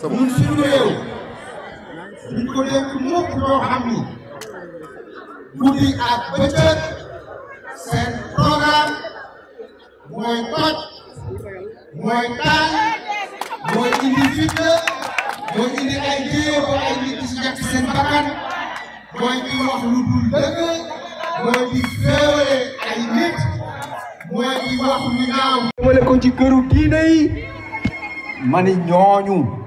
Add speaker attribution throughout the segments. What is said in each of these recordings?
Speaker 1: Tá muito suñu réew duñ ko dénk mukk ñoo xam ni guddi ak muito seen programme muito toj mooy taal mooy indi muito mooy indi muito jéego ba ay nit ci muito seen bakkan mooy di wax lu dul dëgg mooy di féewale ay nit mooy di wax lu ñaaw. wala ko ci këru diine yi ma ni ñooñu.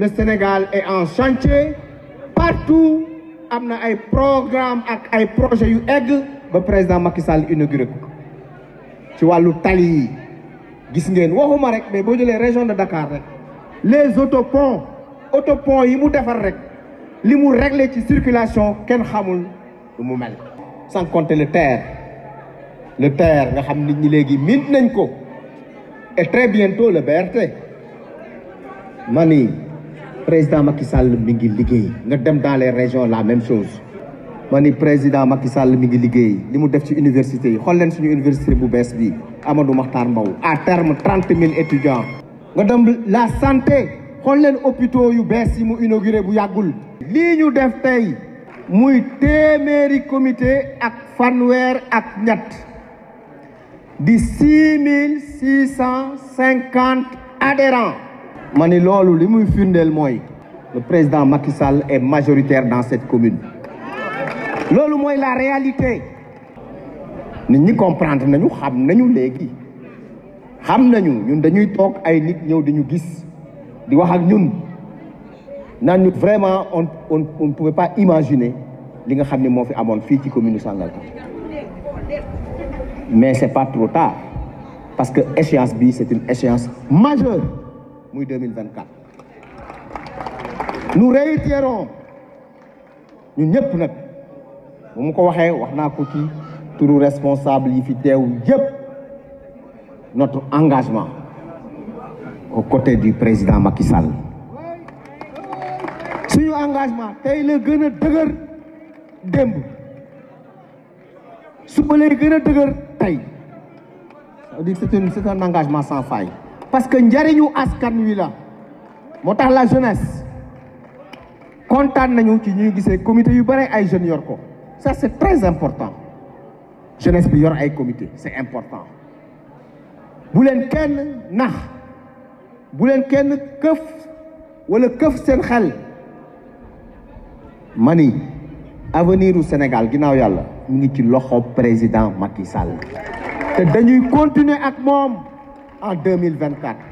Speaker 1: le Sénégal est en chantier partout y a un programme ak ay projet yu président Macky Sall inauguré vois ci wàllu tali mais boo les région de Dakar les autoponts les autoponts ils ont defar rek li mu réglé la circulation ken ne sans compter le terre le terre, nga xam nit ñi et très bientôt le BRT mani président Macky Sall mi ngi dans les régions la même chose président Macky Sall mi ngi liggéey li def ci université yi université bu bi Amadou à terme trente étudiants nga dem la santé xol leen hôpitaux yu yi mu inauguré bu yagul li ñu def tay muy comité ak fanwer ak ñatt di adhérents le président Macky Sall est majoritaire dans cette commune C'est la réalité Nous comprenons. comprendre nañu xam nañu Nous xam nañu ñun vraiment on ne pouvait pas imaginer li que nous ne nous fi ci commune nous mais c'est pas trop tard parce que échéance B, c'est une échéance majeure 2024 nous réitérons nous n'y sommes pas. Nous ko tous les ko notre engagement aux côtés du président Macky Sall suñu engagement le c'est un engagement sans faille parce que njariñu askan wi la moo la jeunesse kontaan nañu ci ñuy gisee comité yu bare ay Jeune yor ko ça c'est très important jeunesse bi yor ay comité c'est important bu leen kenn nax bu leen kenn këf wala këf seen mani avenir du Sénégal ginnaaw yàlla mu ngi ci loxo président Macky Sall te dañuy continuer ak moom en 2024